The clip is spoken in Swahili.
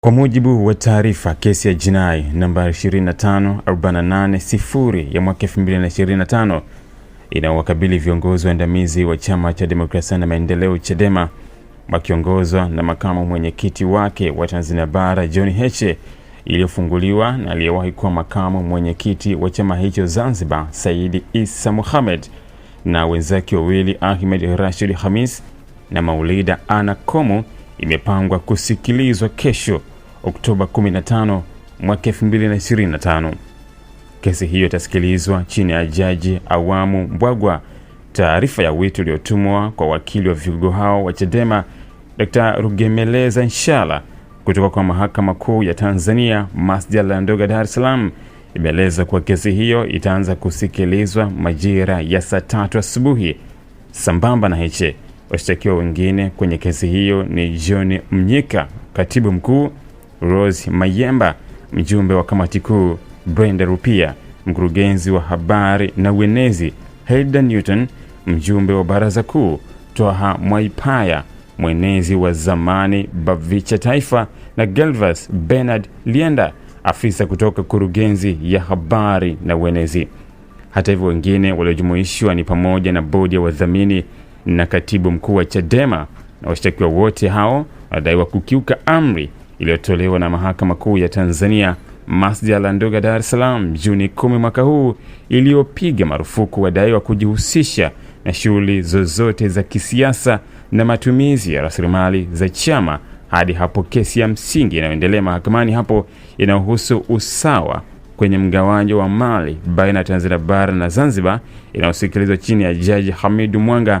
Kwa mujibu wa taarifa, kesi ya jinai namba 25480 ya mwaka 2025 inawakabili viongozi waandamizi wa Chama cha Demokrasia na Maendeleo Chadema wakiongozwa na makamu mwenyekiti wake wa Tanzania Bara John Heche, iliyofunguliwa na aliyewahi kuwa makamu mwenyekiti wa chama hicho Zanzibar Said Issa Mohamed na wenzake wawili Ahmed Rashid Khamis na Maulida Anna Komu imepangwa kusikilizwa kesho Oktoba 15 mwaka 2025. Kesi hiyo itasikilizwa chini ya Jaji Awamu Mbwagwa. Taarifa ya wito iliyotumwa kwa wakili wa vigogo hao wa Chadema Dr. Rugemeleza Nshala kutoka kwa Mahakama Kuu ya Tanzania masjala ya Ndoga ya Dar es Salaam imeeleza kuwa kesi hiyo itaanza kusikilizwa majira ya saa tatu asubuhi sambamba na hiche Washtakiwa wengine kwenye kesi hiyo ni John Mnyika, katibu mkuu; Rose Mayemba, mjumbe wa kamati kuu; Brenda Rupia, mkurugenzi wa habari na uenezi; Hilda Newton, mjumbe wa baraza kuu; Twaha Mwaipaya, mwenezi wa zamani Bavicha Taifa, na gelvas Bernard Lienda, afisa kutoka kurugenzi ya habari na uenezi. Hata hivyo, wengine waliojumuishwa ni pamoja na bodi ya wadhamini na katibu mkuu wa Chadema na washtakiwa wote hao wanadaiwa kukiuka amri iliyotolewa na Mahakama Kuu ya Tanzania masjala ndogo Dar es Salaam Juni kumi mwaka huu iliyopiga marufuku wadaiwa kujihusisha na shughuli zozote za kisiasa na matumizi ya rasilimali za chama hadi hapo kesi ya msingi inayoendelea mahakamani hapo inayohusu usawa kwenye mgawanyo wa mali baina ya Tanzania bara na Zanzibar inayosikilizwa chini ya Jaji Hamidu Mwanga